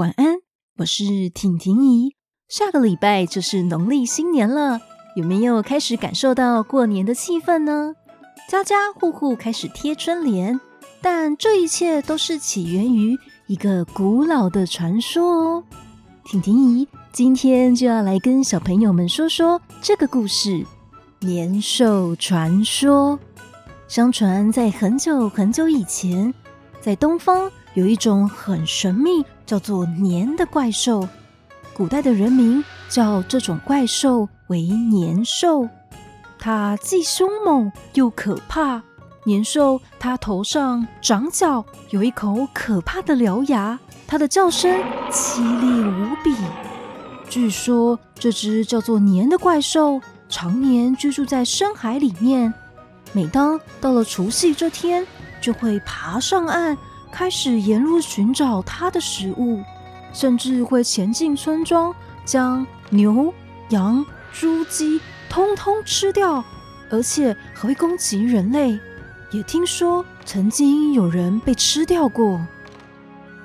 晚安，我是婷婷姨。下個禮拜就是農曆新年了，有沒有開始感受到過年的氣氛呢？家家戶戶開始貼春聯，但這一切都是起源於一個古老的傳說哦。婷婷姨今天就要來跟小朋友們說說這個故事——年獸傳說。相傳在很久很久以前，在東方有一種很神秘，叫做年的怪獸，古代的人民叫這種怪獸為年獸，它既凶猛又可怕。年獸它頭上長角，有一口可怕的獠牙，它的叫聲淒厲無比。據說這隻叫做年的怪獸常年居住在深海裡面，每當到了除夕這天，就會爬上岸。開始沿路尋找它的食物，甚至會潛進村莊，將牛、羊、豬、雞通通吃掉，而且還會攻擊人類。也聽說曾經有人被吃掉過，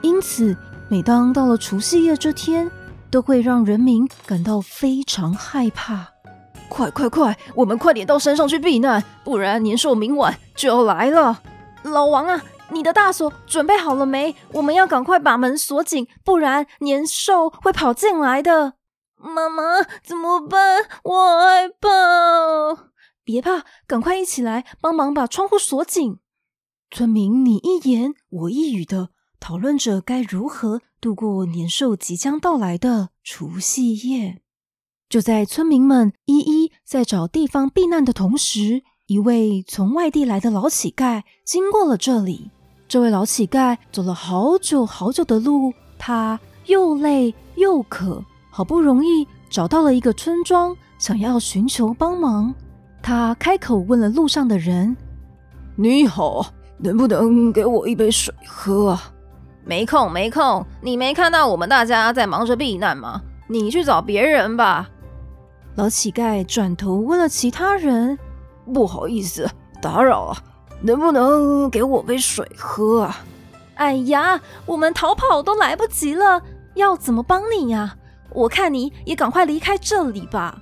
因此每當到了除夕夜這天，都會讓人民感到非常害怕。快快快，我們快點到山上去避難，不然年獸明晚就要來了。老王啊！你的大鎖準備好了沒？我們要趕快把門鎖緊，不然年獸會跑進來的。媽媽，怎麼辦？我害怕哦。別怕，趕快一起來幫忙把窗戶鎖緊。村民你一言我一語的討論着該如何度過年獸即將到來的除夕夜。就在村民們一一在找地方避難的同時，一位從外地來的老乞丐經過了這裡。這位老乞丐走了好久好久的路，他又累又渴，好不容易找到了一個村莊，想要尋求幫忙。他開口問了路上的人：“你好，能不能給我一杯水喝啊？”“沒空，沒空，你沒看到我們大家在忙着避難嗎？你去找別人吧。”老乞丐轉頭問了其他人：“不好意思，打擾了。”能不能給我杯水喝啊？哎呀，我們逃跑都來不及了，要怎麼幫你呀，啊？我看你也趕快離開這裡吧。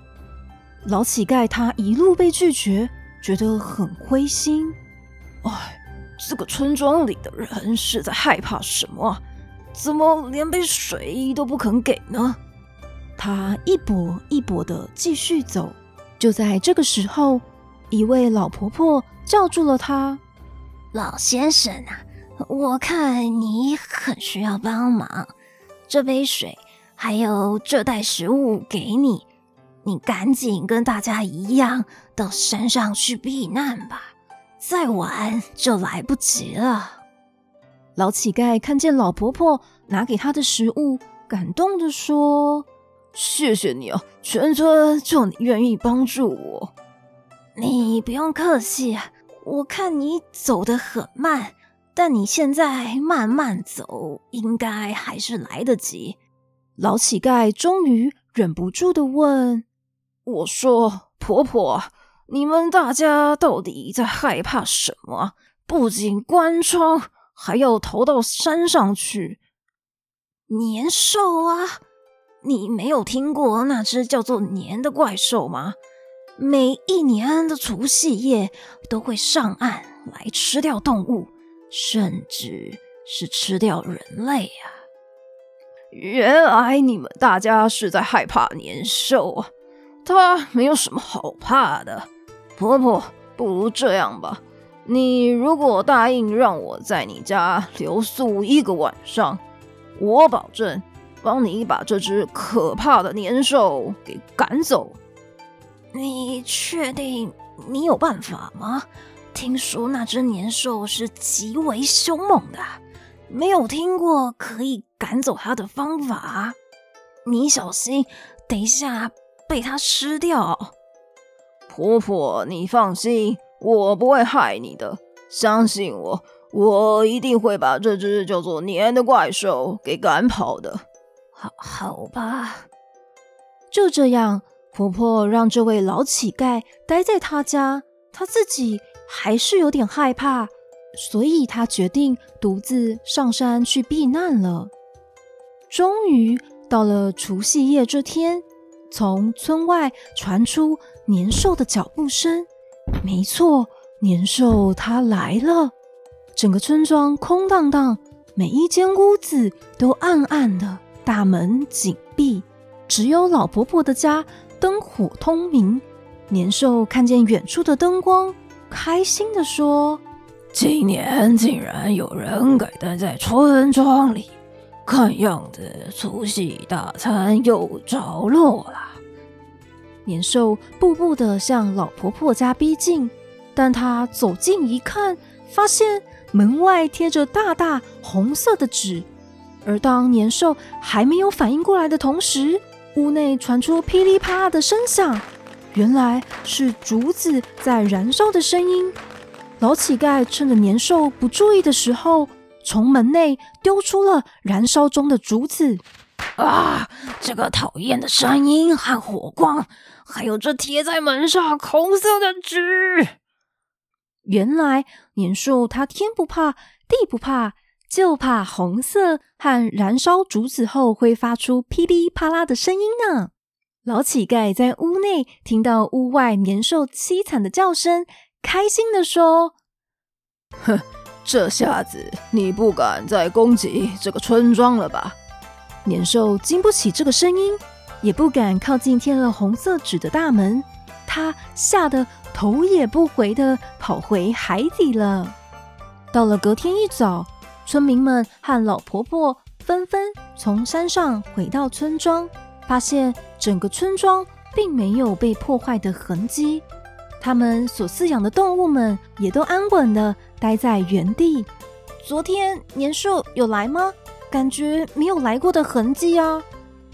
老乞丐他一路被拒絕，覺得很灰心。哎，這個村莊裡的人是在害怕什麼？怎麼連杯水都不肯給呢？他一跛一跛的繼續走，就在這個時候。一位老婆婆叫住了他：“老先生啊，我看你很需要幫忙。這杯水，還有這袋食物給你，你趕緊跟大家一樣到山上去避難吧，再晚就來不及了。”老乞丐看見老婆婆拿給他的食物，感動地說：“謝謝你啊，全村就你願意幫助我。”你不用客氣，我看你走得很慢，但你現在慢慢走，應該還是來得及。老乞丐終於忍不住的問：“我說，婆婆，你們大家到底在害怕什麼？不僅關窗，還要逃到山上去。年獸啊，你沒有聽過那隻叫做年的怪獸嗎？”每一年的除夕夜都會上岸來吃掉動物，甚至是吃掉人類呀！原來你們大家是在害怕年獸啊？他沒有什麼好怕的。婆婆，不如這樣吧，你如果答應讓我在你家留宿一個晚上，我保證幫你把這隻可怕的年獸給趕走。你確定你有辦法嗎？聽說那隻年獸是極為兇猛的，沒有聽過可以趕走它的方法。你小心，等一下被它吃掉。婆婆，你放心，我不會害你的。相信我，我一定會把這隻叫做年的怪獸給趕跑的。好，好吧。就這樣。婆婆讓這位老乞丐待在她家，她自己還是有點害怕，所以她決定獨自上山去避難了。終於到了除夕夜這天，從村外傳出年獸的腳步聲。沒錯，年獸它來了。整個村莊空蕩蕩，每一間屋子都暗暗的，大門緊閉，只有老婆婆的家。燈火通明，年獸看見遠處的燈光，開心地說：“今年竟然有人敢待在村莊裡，看樣子除夕大餐有着落了。”年獸步步地向老婆婆家逼近，但他走近一看，發現門外貼着大大紅色的紙，而當年獸還沒有反應過來的同時。屋內傳出噼里啪啦的聲響，原來是竹子在燃燒的聲音。老乞丐趁着年獸不注意的時候，從門內丟出了燃燒中的竹子。啊！這個討厭的聲音和火光，還有這貼在門上紅色的紙。原來年獸他天不怕地不怕，就怕紅色和燃燒竹子後會發出噼里啪啦的聲音呢。老乞丐在屋內聽到屋外年獸淒慘的叫聲，開心的說：“哼，這下子你不敢再攻擊這個村莊了吧？”年獸經不起這個聲音，也不敢靠近貼了紅色紙的大門，他嚇得頭也不回的跑回海底了。到了隔天一早。村民們和老婆婆紛紛從山上回到村莊，發現整個村莊並沒有被破壞的痕跡，他們所飼養的動物們也都安穩地待在原地。昨天年獸有來嗎？感覺沒有來過的痕跡啊！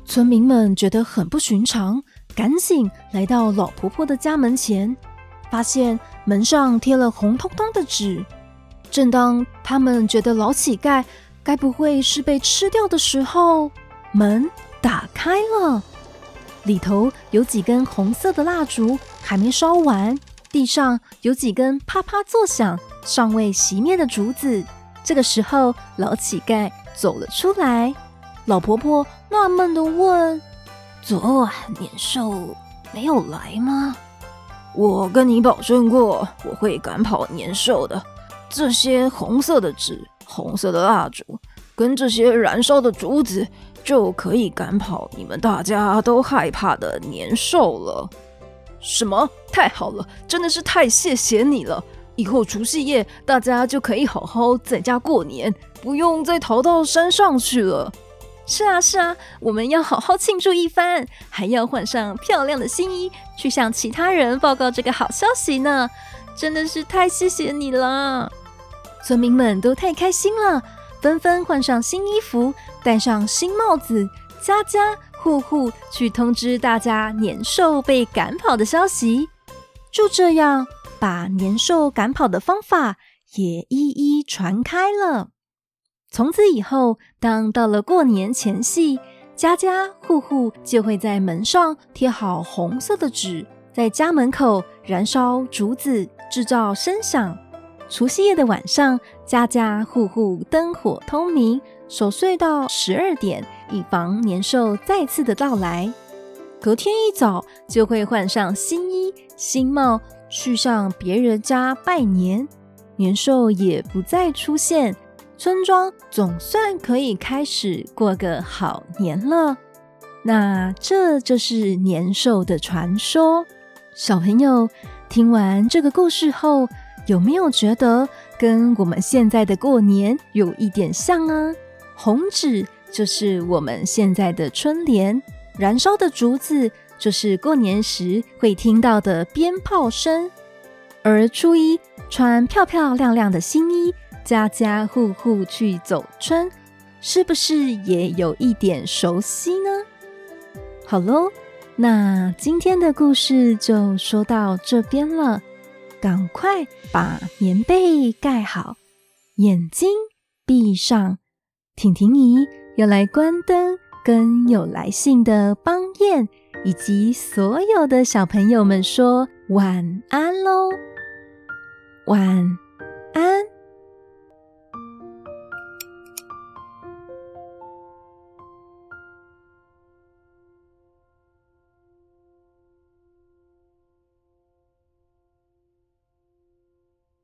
村民們覺得很不尋常，趕緊來到老婆婆的家門前，發現門上貼了紅彤彤的紙。正當他們覺得老乞丐該不會是被吃掉的時候，門打開了，裡頭有幾根紅色的蠟燭還沒燒完，地上有幾根啪啪作響、尚未熄滅的竹子。這個時候，老乞丐走了出來，老婆婆納悶地問：“昨晚年獸沒有來嗎？”“我跟你保證過，我會趕跑年獸的。”這些紅色的紙、紅色的蠟燭，跟這些燃燒的竹子，就可以趕跑你們大家都害怕的年獸了。什麼？太好了！真的是太謝謝你了！以後除夕夜大家就可以好好在家過年，不用再逃到山上去了。是啊，是啊，我們要好好慶祝一番，還要換上漂亮的新衣，去向其他人報告這個好消息呢。真的是太謝謝你了！村民們都太開心了，紛紛換上新衣服，戴上新帽子，家家戶戶去通知大家年獸被趕跑的消息。就這樣，把年獸趕跑的方法也一一傳開了。從此以後，當到了過年前夕，家家戶戶就會在門上貼好紅色的紙，在家門口燃燒竹子，製造聲響。除夕夜的晚上，家家戶戶燈火通明，守歲到十二點，以防年獸再次的到來。隔天一早，就會換上新衣新帽去上別人家拜年，年獸也不再出現，村莊總算可以開始過個好年了。那這就是年獸的傳說。小朋友聽完這個故事後，有沒有覺得跟我們現在的過年有一點像呢？紅紙就是我們現在的春聯，燃燒的竹子就是過年時會聽到的鞭炮聲，而初一穿漂漂亮亮的新衣，家家戶戶去走春，是不是也有一點熟悉呢？好嘍，那今天的故事就說到這邊了。趕快把棉被蓋好，眼睛閉上。婷婷姨要來關燈，跟有來信的邦諺以及所有的小朋友們說晚安嘍，晚安。